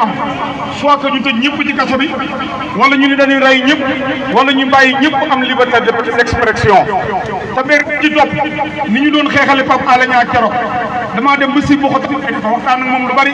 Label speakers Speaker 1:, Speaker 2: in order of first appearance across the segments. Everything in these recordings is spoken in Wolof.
Speaker 1: am soit que ñu tëj ñëpp ci kaso bi wala ñu ne dañuy rey ñëpp wala ñu bàyyi ñëpp am liberté d'expression te ber ci topp ni ñu doon xeexale Pape Alé Niang keroog damaa dem ba si boo ko fekk fa waxtaan ak moom lu bari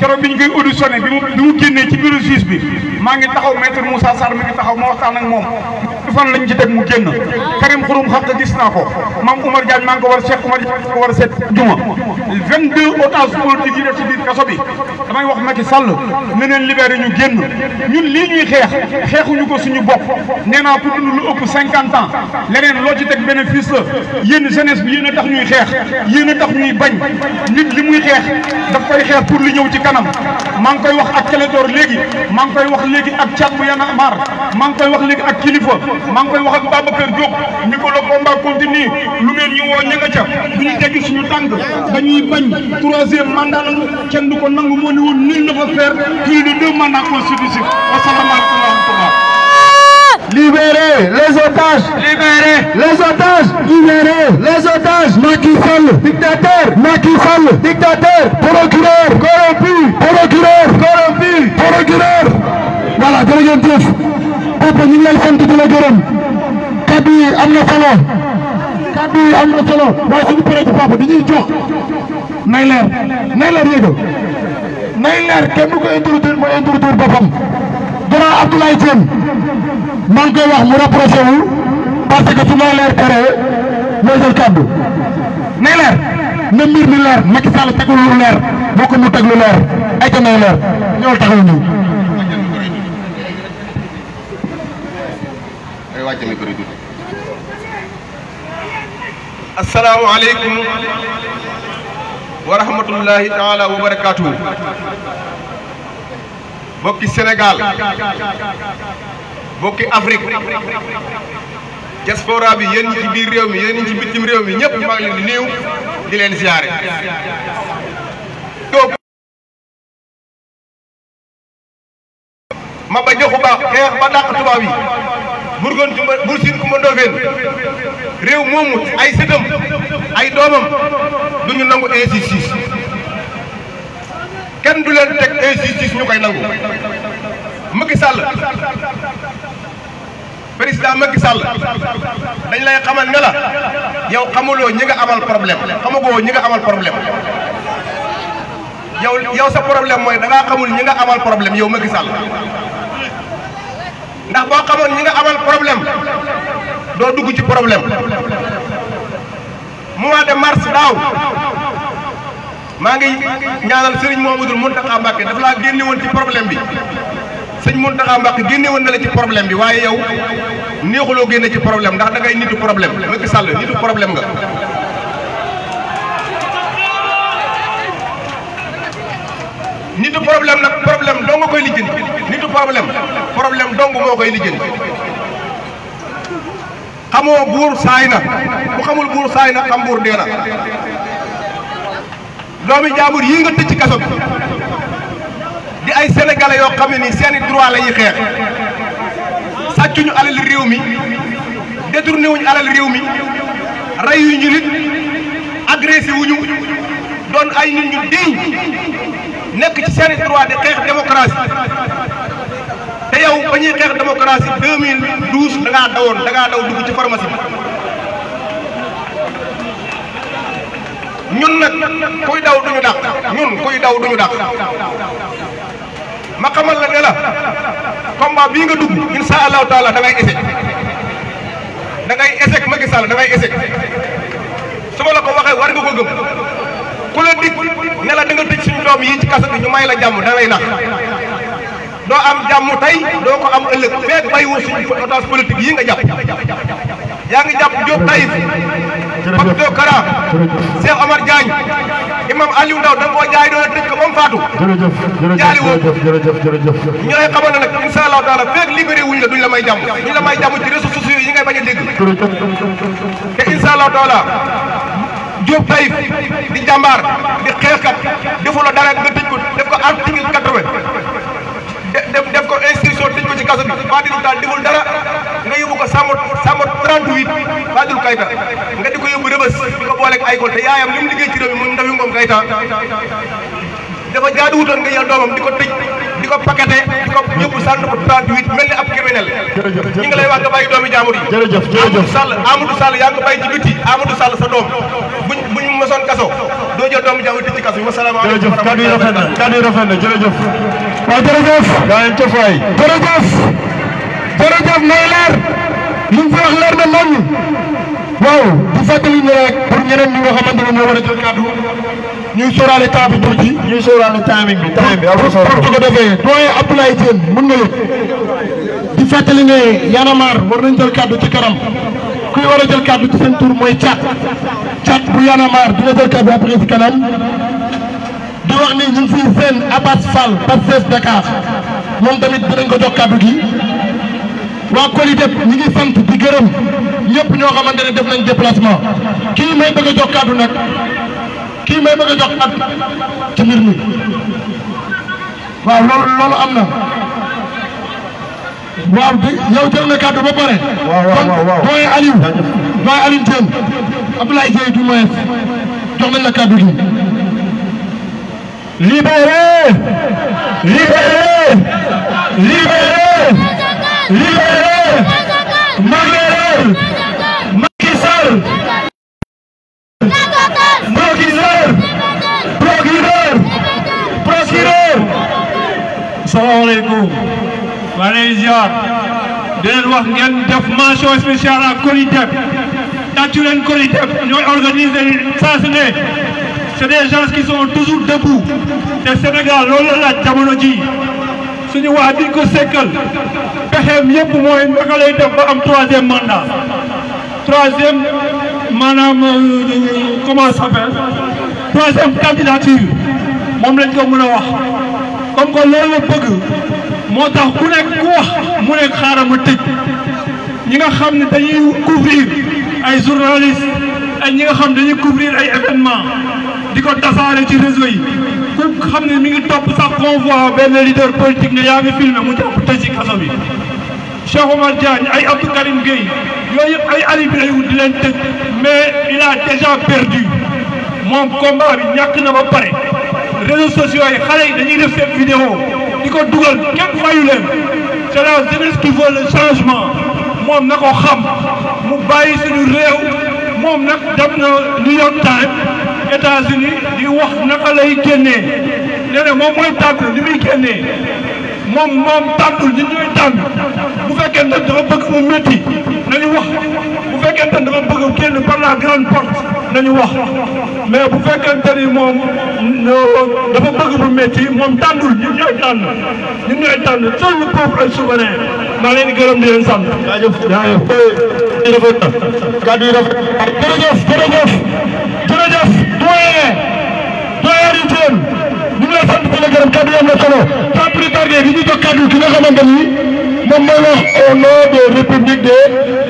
Speaker 1: keroog bi ñu koy auditionné bi mu bi mu génnee ci bureau juge bi maa ngi taxaw maître Moussa ma waxtaan ak moom fan lañ ci teg mu génn Karim Xurum xam gis naa ko maam Oumar Diagne maa ngi ko war Cheikh Oumar Diagne ko war a seet juma vingt deux otages politiques yi def ci biir kaso bi damay wax Macky Sall ne leen libéré ñu génn ñun lii ñuy xeex xeexuñu ko suñu bopp nee naa ku lu ëpp cinquante ans leneen loo ci teg bénéfice la yéen jeunesse bi yéen a tax ñuy tax ñuy bañ nit li muy xeex daf koy xeex pour li ñëw ci kanam maa ngi koy wax ak Clédor léegi maa ngi koy wax léegi ak Thiam bu Yann Amar maa koy wax léegi ak Kilifa maa ngi koy wax ak Babacar Diop ni ko le combat continue lu ngeen ñu woo ña nga ca bu ñu teggi suñu tànk dañuy bañ troisième mandat lañu kenn du ko nangu moo ne woon nul ne peut faire plus de deux mandats consécutifs wasalaamaaleykum wa rahmatullah Libérez les otages. Libérez les otages. Libérez les otages. Macky Sall. Dictateur. Macky Sall. Dictateur. Procureur. Corrompu. Procureur. Corrompu. Procureur. voilà jërëjëf papa ñu ngi lay sant di la gërëm kaddu yi am na solo kaddu yi am na solo waaye suñu paree ci papa dañuy jox nay leer nay leer yéegal nay leer kenn du ko introduire mooy introduire boppam. grand Abdoulaye Diène. maa ngi wax mu rapproché wu parce que su ma leer teree mooy jël bokki Afrique diaspora bi yéen ñi ci biir réew mi yéen ci bitim réew mi ñëpp maa ngi leen di nuyu
Speaker 2: di leen siyaare toog ma ba joxu baax xeex ba dàq tubaab yi burgoon
Speaker 1: bur siin ku réew moomu ay sëtam ay doomam du ñu nangu injustice kenn du leen teg injustice ñu koy nangu Macky Sall président Macky Sall dañ lay xamal ne la yow xamuloo ñi nga amal problème xamugoo ñi nga amal problème yow yow sa problème mooy da ngaa xamul ñi nga amal problème yow Macky Sall boo xamoon ñi nga problème doo dugg ci problème mois de mars daaw maa ngi ñaanal Serigne Mouhamadoul Mountakha Mbacké daf laa génne woon ci problème bi. sëñ Mountakha Mbacké génne woon na la ci problème bi waaye yow neexuloo génne ci problème ndax dangay nitu problème Macky Sall nitu problème nga. nitu problème nag problème dong koy lijjanti problème problème dong moo koy lijjanti xamoo buur saay na bu xamul buur saay na xam buur dee na doomi jaambur yii nga tëj ci kaso bi. di ay sénégalais yoo xam ne nii seen i la ñuy xeex sàccuñu alal réew mi détourné wuñu alal réew mi reyuñu nit agressé wuñu doon ay nit ñu diñ nekk ci seen i droit di xeex démocratie te yow ba ñuy xeex démocratie 2012 da ngaa dawoon da daw dugg ci pharmacie bi ñun nag kuy daw duñu dàq ñun kuy daw duñu dàq ma xamal la ne la combat bii nga dugg insha allahu taala da ngay échec da ngay échec Macky Sall da su ma la ko waxee war nga ko gëm ku la dig ne la da nga tëj suñu doom yi ci kaso bi ñu may la jàmm da lay doo am jàmm tey doo ko am ëllëg feeg bàyyiwoo suñu otage politique yi nga jàpp yaa ngi jàpp Diop Taïf Pape Diop Kara Cheikh Omar Diagne maam Aliou Ndao da nga koo jaay doole tëj ko ba mu faatu. jërëjëf jërëjëf jërëjëf ñu lay xamal ne nag incha allahu taala feeg libéré wuñ la duñ la may jàmm duñ la may jàmm ci réseaux sociaux yi ngay bañ a dégg. te incha allahu taala Diop Taïf di jàmbaar di xeexkat defu la dara nga tëj ko def ko article quatre def def ko instruction tëj ko ci dara nga yóbbu ko Samb Samb 38 Fadilou Kayta nga di yóbbu Rebeuss di ko ay gol te yaayam li mu liggéey ngay temps dafa jaaduwutoon nga jël doomam di ko tëj di ko paqueté di ko yóbbu centre pour 38 mel ni ab criminel. jërëjëf ñi ngi lay wax nga bàyyi doomi jaamur yi. jërëjëf jërëjëf Amadou Sall Amadou Sall yaa ngi ko bàyyi ci biti Amadou Sall sa doom buñ buñ mosoon kaso doo jël doomi jaamur tëj ci yi rafet na
Speaker 2: kaddu yi rafet na jërëjëf. waaw jërëjëf. nay leer.
Speaker 1: li mu fi na nañu. waaw di fàttali ne rek pour ñeneen ñi nga xamante ne ñoo war a jël kàddu ñuy sóoraale temps bi tuuti. ñuy sóoraale timing bi timing bi am na solo pour pour ko defee doyen Abdoulaye Diène mën nga lépp di fàttali ne Y'en a marre war nañ jël kàddu ci kanam kuy war a jël kàddu ci seen tur mooy cat cat bu Y'en a marre dina jël kàddu après ci kanam di wax ni ñu ngi fiy seen Abbas Fall Pastef Dakar moom tamit dinañ ko jox kàddu gi waa Kolideb ñi ngi sant di gërëm. ñëpp ñoo xamante ne def nañ déplacement
Speaker 2: kii may bëgg a jox kàddu nag
Speaker 1: kii may bëgg a jox at ci mbir mi waaw loolu loolu am na. waaw bi yow jël na kàddu ba pare. waaw waaw waaw kon doyen Aliou. doyen Aliou Thiam Abdoulaye Dieye du Moes jox nañ la kàddu gi. libéré
Speaker 2: libéré libéré libéré. libéré. salaamaaleykum maa ngi ziar di leen wax ngeen def mention spéciale ak Colitep tàccu leen Colitep ñooy organiser saa su ne c'est des gens qui sont toujours de Sénégal loolu la laaj jamono ji suñu wax di ko sekkal pexeem yëpp mooy naka lay def ba am troisième mandat troisième maanaam euh, comment ça s'appelle troisième candidature moom lañ ko mën a wax comme que loolu la bëgg moo tax ku nekk ku wax mu nekk xaaral ma tëj ñi nga xam ne dañuy couvrir ay journaliste ay ñi nga xam dañuy couvrir ay événement di ko tasaare ci réseau yi ku xam ne mi ngi topp sax convoi benn leader politique ne yaa ngi filmé mu jàpp tëj ci kaso bi Cheikh Omar ay Abdou Karim Gueye yooyu yëpp ay alibi lay di leen tëj mais il a déjà perdu moom combat bi ñàkk na ba pare réseaux sociaux yi xale yi dañuy def seen vidéo di ko dugal kenn fayu leen c' est la jeunesse qui veut le changement moom na ko xam mu bàyyi suñu réew moom nag dem na New York Times États-Unis di wax naka lay génnee nee na moom mooy tànn li muy génnee moom moom tànnul ñun ñooy tànn bu fekkee ne dafa bëgg mu métti nañu wax bu fekkee ne dafa bëgg génn par la grande porte. nañu wax mais bu fekkente ni moom dafa bëgg bu métti moom tàndul ñun ñooy tànn ñun ñooy tànn seul le peuple est souverain maa leen gërëm di leen sant. jaajëf jaajëf. kàddu yi rafet. jërëjëf jërëjëf jërëjëf doyen doyen di teen ñu ngi lay sant di la gërëm kàddu yi am ñu jox ki nga xamante ni moom mooy wax au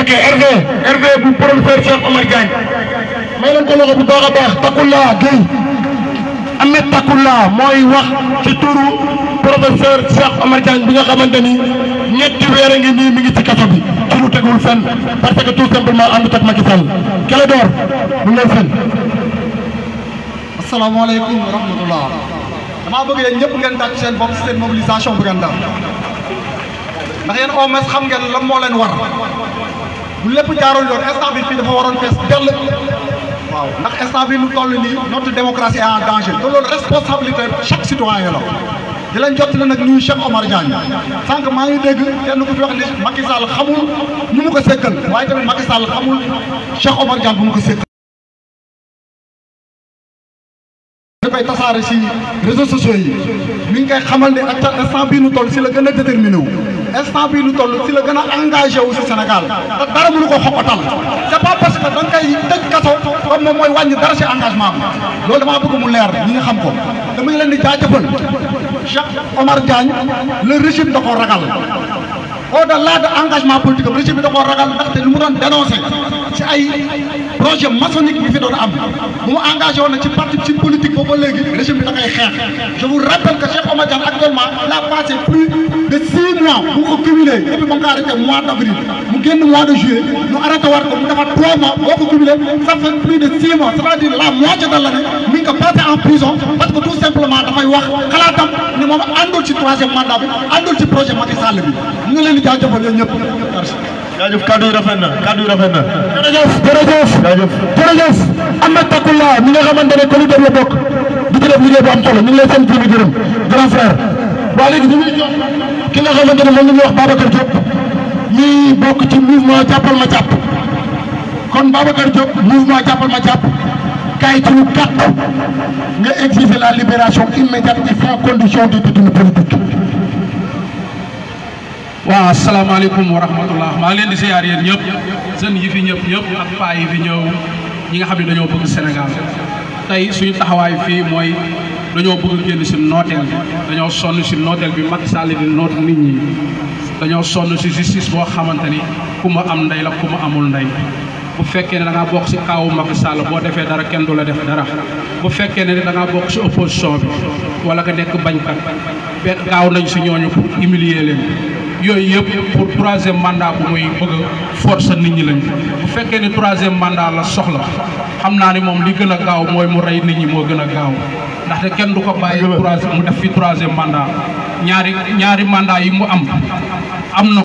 Speaker 1: ok RV RV bu professeur Cheikh Omar Diagne may leen ko loxo bu baax a baax Takulla Guèye Ahmed Takulla mooy wax ci turu professeur Cheikh Omar Diagne bi nga xamante ni ñetti weer a ngi nii mi ngi ci kaso bi ci lu tegul fenn parce que tout simplement àndut ak Macky Sall kele door mu ngi lay fenn. asalaamaaleykum wa rahmatullah damaa bëgg yéen ñëpp ngeen tàcc seen bopp seen mobilisation bu ngeen def ndax yéen au moins xam ngeen lan moo leen war bu lépp jaarul yoon instant bi fii dafa waroon fees dell waaw ndax instant bi mu toll nii notre démocratie est en danger te loolu responsabilité chaque citoyen la di leen jottali nag nuyu Cheikh Omar Diagne sànq maa ngi dégg kenn ku fi wax ni Macky
Speaker 2: Sall xamul ñu mu ko sékkal waaye tamit Macky Sall xamul Cheikh Omar Diagne mu ko sékkal ñu koy si réseaux sociaux yi mi ngi koy xamal ne ak instant bii toll si la gën a déterminé wu instant lu toll si la gën a
Speaker 1: engagé wu si Sénégal dara mënu ko xoqatal c' est pas parce tëj kaso comme mooy wàññi dara si engagement loolu damaa bëgg leer ñi nga xam ko dama leen di jaajëfal Cheikh Omar Diagne le régime da ko ragal au-delà de engagement politique am régime bi ragal ndaxte lu mu doon dénoncé ci ay projet maçonnique bi fi doon am bu mu engagé na ci parti ci politique boobu ba léegi régime bi da koy xeex je vous rappelle de six mois bu ko cumulé et ko arrêté mois d' avril mu génn mois de ko mu defaat trois mois boo ko cumulé ça fait de six mois c' est à dire la moitié de ngi ko passé en prison parce que tout simplement dafay wax xalaatam ne moom àndul ci troisième mandat bi àndul ci projet Macky Sall bi ñu ngi leen di jaajëfal yéen ñëpp merci. jaajëf kaddu yi rafet na kaddu yi rafet na. jërëjëf grand frère. waa léegi ki nga xamante ne moom la ñuy wax Babacar Diop mi bokk ci mouvement jàppal ma jàpp kon Babacar Diop mouvement jàppal ma
Speaker 3: jàpp kaay ci nga exiger la libération immédiate et sans condition des détenus politiques. waaw asalaamaaleykum wa rahmatullah maa leen di ziar yéen ñëpp seen yi fi ñëpp ñëpp ak paa yi fi ñëw ñi nga xam ne dañoo bëgg Sénégal tey suñu taxawaay fii mooy. dañoo bëgg génn si nooteel dañoo sonn si nooteel bi Macky Sall di noot nit ñi dañoo sonn si justice boo xamante ni ku ma am ndey la ku ma amul ndey bu fekkee ne da bokk si kaawu Macky Sall boo defee dara kenn du la def dara bu fekkee ne da ngaa bokk si opposition bi wala nga nekk bañkat benn gaaw nañ si ñooñu pour humilier leen yooyu yëpp pour troisième mandat bu muy bëgg a nit ñi lañ bu fekkee ne troisième mandat la soxla xam naa ni moom li gën a gaaw mooy mu rey nit ñi moo gën a gaaw ndaxte kenn du ko bàyyi troisième def fi troisième mandat ñaari ñaari mandat yi mu am am na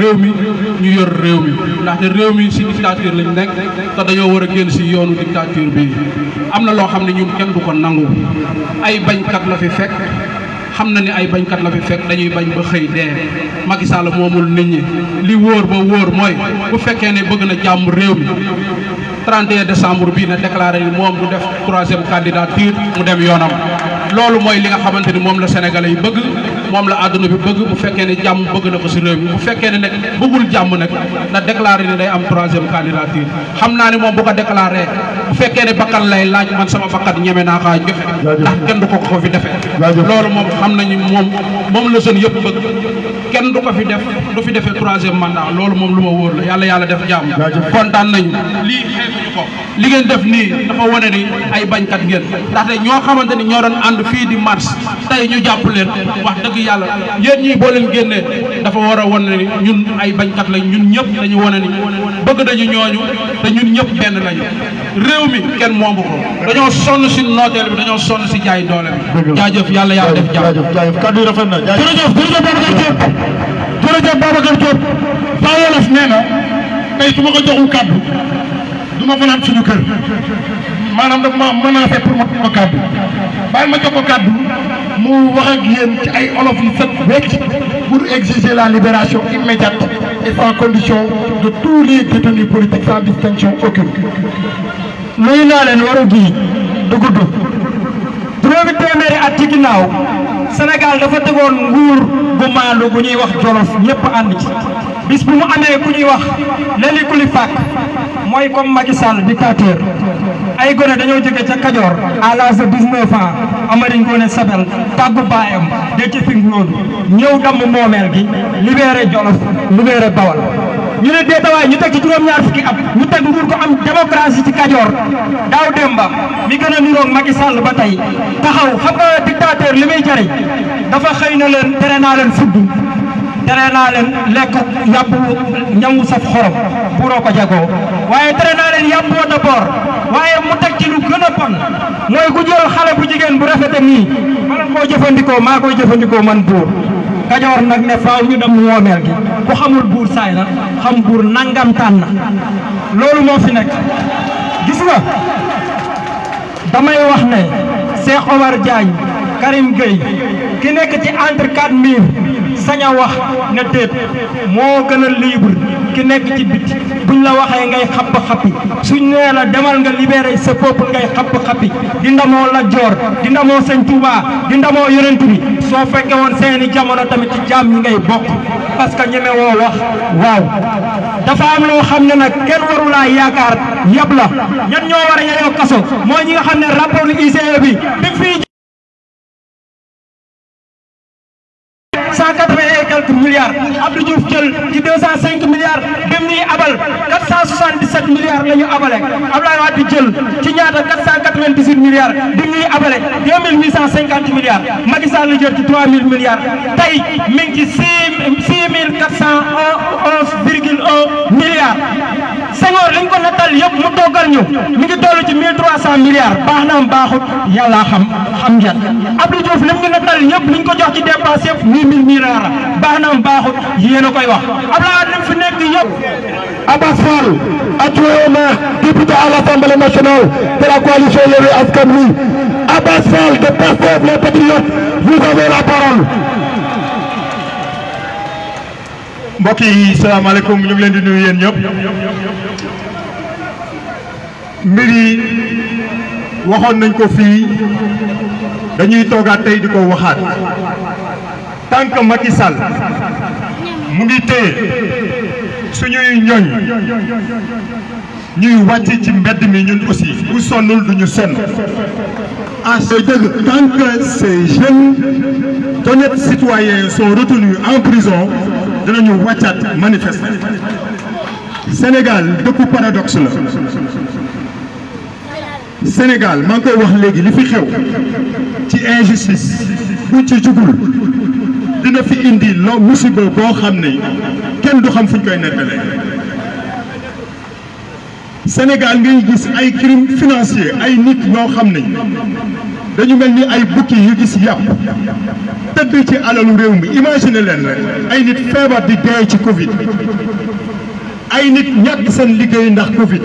Speaker 3: réew mi ñu yor réew mi ndaxte réew mi ci dictature lañ nekk te dañoo war a génn si yoonu dictature bii am na loo xam ne ñun kenn du ko nangu ay bañ bañkat la fi fekk xam na ni ay bañkat la fi fekk dañuy bañ ba xëy dee Macky Sall moomul nit ñi li wóor ba wóor mooy bu fekkee ne bëgg na jàmm réew mi 31 décembre bii na déclaré ni moom du def troisième candidature mu dem yoonam loolu mooy li nga xamante ni moom la sénégalais yi bëgg moom la àdduna bi bëgg bu fekkee ne jàmm bëgg na ko si réew bu fekkee ne nag bëggul jàmm nag na déclaré ne day am troisième candidature xam naa ne moom bu ko déclaré bu fekkee ne bakkan lay laaj man sama bakkan ñeme naa kaa joxe ndax kenn du ko ko fi defee loolu moom xam nañu moom moom la seen yëpp
Speaker 2: bëgg
Speaker 3: kenn du ko fi def du fi defee troisième mandat loolu moom lu ma wóor la yàlla yàlla def jàmm kontaan nañu lii li ngeen def nii dafa wane ni ay bañkat ngeen ndaxte ñoo xamante ni ñoo doon ànd fii di mars tey ñu jàpp leen wax dëgg yàlla yéen ñii boo leen génnee dafa war a wane ni ñun ay bañkat lañ ñun ñëpp dañu wone ni bëgg dañu ñooñu te ñun ñëpp benn lañu réew mi kenn moomu ko dañoo sonn si nooteel bi dañoo sonn si jaay doole bi jaajëf yàlla yàlla def Diop Babacar Diop Paa Wolof nee na tey su ma ko joxul
Speaker 1: kàddu du ma fanaan suñu kër maanaam daf ma menacé pour ma pour ma kàddu bàyyi ma jox ko kàddu mu wax ak yéen ci ay olof yu set wecc pour exiger la libération immédiate et sans condition de tous les détenus
Speaker 4: politiques sans distinction aucune. nuyu naa leen waru gii du gudd juróomi téeméeri at ci ginnaaw Sénégal dafa tegoon nguur. gu maandu gu ñuy wax jolof ñëpp ànd ci bis bu mu amee ku ñuy wax leli kuli fàkk mooy comme Macky Sall dictateur ay gone dañoo jóge ca Kajoor à l'âge de 19 ans Amari Ngoone Sabel tàggu baayam de ci fi loolu ñëw damm moomeel gi libéré Jolof libéré Bawal ñu ne deetawaay ñu teg ci juróom-ñaar fukki at ñu teg nguur ko am démocratie ci Kajoor daaw Demba mi gën a niroog Macky Sall ba tey taxaw xam nga dictateur li muy jariñ dafa xëy na leen tere naa leen fudd tere naa leen lekk yàpp ñamu saf xorom buuroo ko jagoo waaye tere naa leen yàpp woo d'abord waaye mu teg ci lu gën a bon mooy ku jël xale bu jigéen bu rafete nii koo jëfandikoo maa koy jëfandikoo man buur Kajoor nag ne faaw ñu dem moomeel gi ku xamul buur saay na xam buur nangam tànn loolu moo fi nekk gis nga damay wax ne Cheikh Omar Diagne Karim Gueye ki nekk ci entre quatre murs sañ a wax ne déet moo gën a ki nekk ci biti buñ la waxee ngay xapp xappi suñ nee la demal nga libéré sa peuple ngay xapp xappi di ndamoo la joor di ndamoo sëñ Touba di ndamoo yonent bi soo fekke woon seeni jamono tamit ci jaam ñi ngay bokk parce que ñeme woo wax waaw dafa am loo xam ne nag kenn
Speaker 2: warulaa yaakaar yab la ñan ñoo war a kaso moo ñi xam ne rapport ICA e bi bi fii milliards Abdou jur jël ci 205 milliards dem ñuy abal
Speaker 4: 477 milliards la ñu abale Abdoulaye Wade jël ci ñaata 498 milliards ñuy abale 2850 milliards Macky jël ci 3000 tey mi ngi ci 6 6411 virgule 1 milliards. Senghor liñ ko nattal yëpp mu toggal ñu mi ngi toll ci mille trois cent milliards baax na am baaxut yàlla xam xam njat Abdou Diouf liñ ko nattal yëpp liñ jox ci dépense yëpp huit mille milliards baax na am baaxut yéen a koy wax Abdoulaye Wade fi nekk yëpp Abass Fall
Speaker 1: adjoint député à l'Assemblée nationale de la coalition Yewwi Askan Wi Abass Fall de Pastef les Patriotes vous avez la parole mbokk yi salaamaaleykum ñu ngi leen di nuyu yéen ñëpp mbir yi
Speaker 2: waxoon nañ ko fii dañuy
Speaker 1: toogaat tey di ko waxaat tant que Macky Sall
Speaker 2: mu ngi téye suñuy ñoñ
Speaker 1: ñuy wàcc ci mbedd mi ñun aussi bu sonnul du ñu sonn à ah, ce dëgg tant que ces jeunes d'honnêtes citoyens sont retenus en prison dinañu wàccaat manifester Sénégal dëkku paradoxe la Sénégal maa ngi koy wax léegi li fi xew ci injustice buñ ci jugul dina fi indi loo musiba boo xam ne kenn du xam fuñ koy nettalee Sénégal ngay gis ay crime financier ay nit ñoo xam ne dañu mel ni ay bukki yu gis yàpp tëdd ci alalu réew mi imagine leen
Speaker 2: rek ay nit
Speaker 1: feebar di dee ci Covid ay nit ñàkk seen liggéey ndax Covid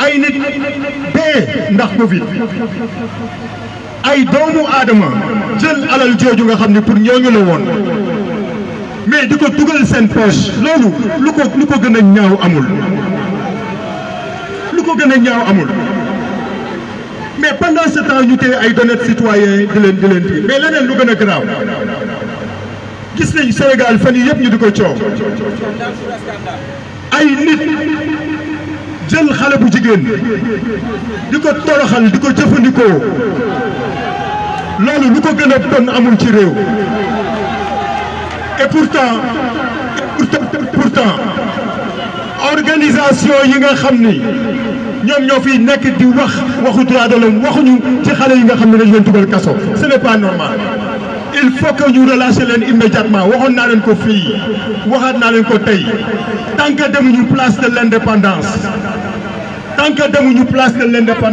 Speaker 1: ay nit dee ndax Covid ay doomu aadama jël alal jooju nga xam ne pour ñooñu la woon mais di ko dugal seen poche loolu lu ko lu ko gën a ñaaw amul lu ko gën a ñaaw amul mais pendant ce temps ñu téye ay donet citoyen di leen di leen di mais leneen lu gën a garaaw gis nañu Sénégal fan yi yëpp ñu di ko coow ay nit jël xale bu jigéen di ko toroxal di ko jëfandikoo loolu lu ko gën a bon amul ci réew et pourtant pourtant organisation yi nga xam ni ñoom ñoo fiy nekk di wax waxu droit de l'homme waxuñu ci xale yi nga xam ne dañu leen dugal kaso ce n'est pas normal il faut que ñu relâcher leen immédiatement waxoon naa leen ko fii waxaat naa leen ko tey tant que demuñu place de l'indépendance tant que demuñu place de l'indépendance